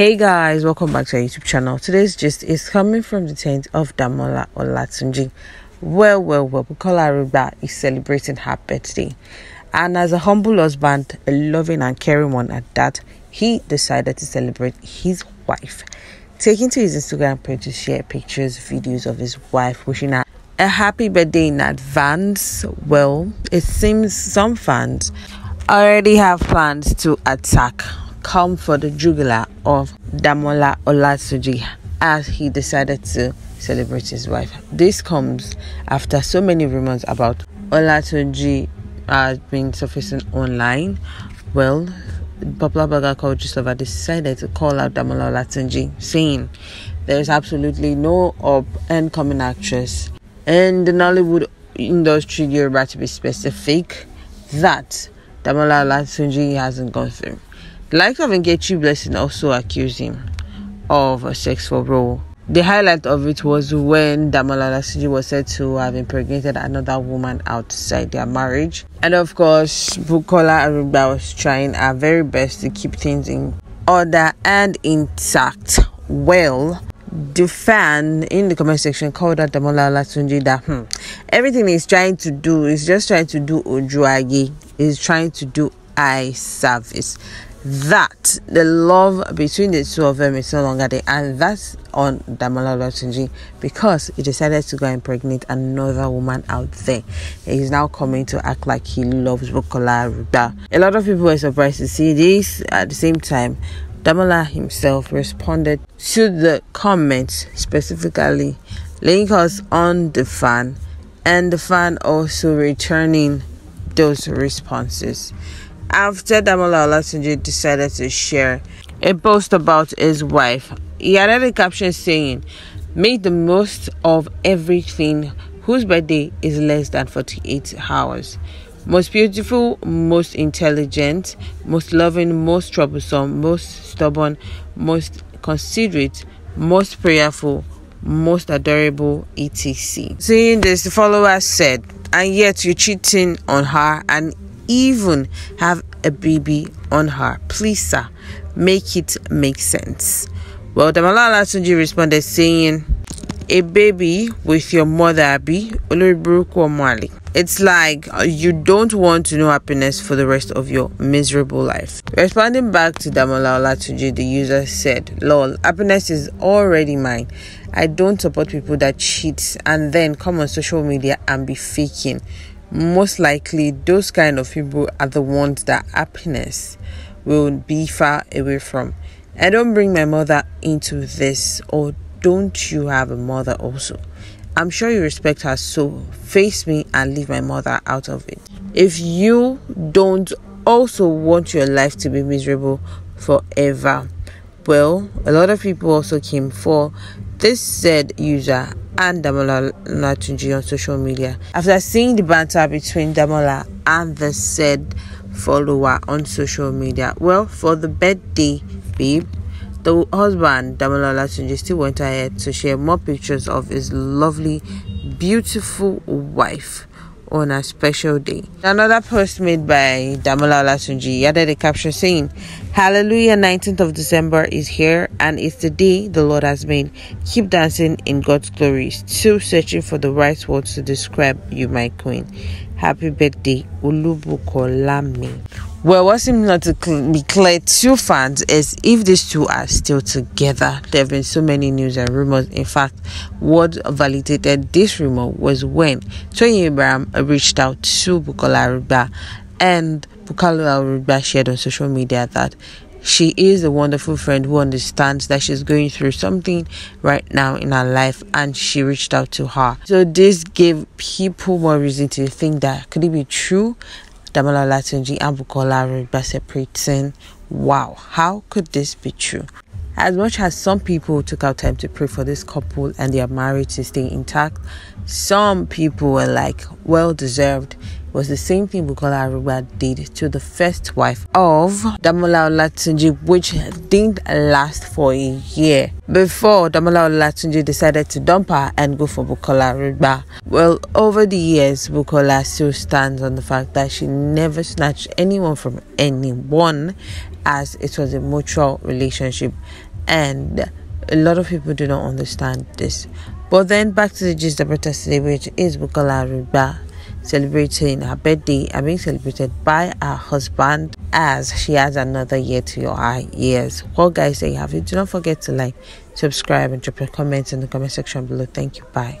Hey guys, welcome back to our YouTube channel. Today's gist is coming from the tent of Damola Olatunji. Well, well, well, Bukola Aruba is celebrating her birthday. And as a humble husband, a loving and caring one at that, he decided to celebrate his wife. Taking to his Instagram page to share pictures, videos of his wife, wishing her a happy birthday in advance. Well, it seems some fans already have plans to attack come for the jugular of Damola Olasuji as he decided to celebrate his wife. This comes after so many rumors about Olasuji has been surfacing online. Well, popular blogger called Gislova decided to call out Damola Olatunji, saying there is absolutely no up and coming actress in the Nollywood industry, you're about to be specific, that Damola Olatunji hasn't gone through. Like likes of Blessing also accused him of a sexual role. The highlight of it was when Damola Lasiji was said to have impregnated another woman outside their marriage. And of course, Bukola Arugba was trying her very best to keep things in order and intact. Well, the fan in the comment section called out Damola Sunji that hmm, everything he's trying to do is just trying to do Ojuagi, he's trying to do eye service that the love between the two of them is no longer there, and that's on Damola Olatunji because he decided to go and impregnate another woman out there. He's now coming to act like he loves Bukola Ruda. A lot of people were surprised to see this. At the same time, Damola himself responded to the comments specifically, linking us on the fan, and the fan also returning those responses after Damola Olatunji decided to share a post about his wife. He added a caption saying, Make the most of everything whose birthday is less than 48 hours. Most beautiful, most intelligent, most loving, most troublesome, most stubborn, most considerate, most prayerful, most adorable, etc. Seeing this, the follower said, and yet you're cheating on her and even have a baby on her. Please, sir, make it make sense. Well, Damalala Tunji responded saying, A baby with your mother, Abi, Oluriburuku Mali. It's like you don't want to know happiness for the rest of your miserable life. Responding back to Damola Olatunji, the user said, Lol, happiness is already mine. I don't support people that cheat and then come on social media and be faking most likely those kind of people are the ones that happiness will be far away from. I don't bring my mother into this, or don't you have a mother also? I'm sure you respect her, so face me and leave my mother out of it. If you don't also want your life to be miserable forever, well, a lot of people also came for this said user and Damola Latunji on social media. After seeing the banter between Damola and the said follower on social media, well, for the birthday, babe, the husband Damola Latunji still went ahead to share more pictures of his lovely, beautiful wife on a special day. Another post made by Damola Sunji added a caption saying, Hallelujah, 19th of December is here and it's the day the Lord has made. Keep dancing in God's glory, still searching for the right words to describe you, my queen. Happy birthday, Ulubukolami. Well, what seems not to cl- be clear to fans is if these two are still together. There have been so many news and rumors. In fact, what validated this rumor was when Tony Abraham reached out to Bukola Aruba, and Bukola Aruba shared on social media that she is a wonderful friend who understands that she's going through something right now in her life and she reached out to her. So this gave people more reason to think that could it be true Damola Latunji Abukola Ribasepritin. Wow, how could this be true? As much as some people took out time to pray for this couple and their marriage to stay intact, some people were like, well deserved was the same thing Bukola Aruba did to the first wife of Damola Olatunji, which didn't last for a year before Damola Olatunji decided to dump her and go for Bukola Aruba. Well, over the years, Bukola still stands on the fact that she never snatched anyone from anyone as it was a mutual relationship and a lot of people do not understand this. But then back to the gist of today, which is Bukola Aruba celebrating her birthday and being celebrated by her husband as she has another year to your years. Well, guys, there you have it. Do not forget to like, subscribe, and drop your comments in the comment section below. Thank you. Bye.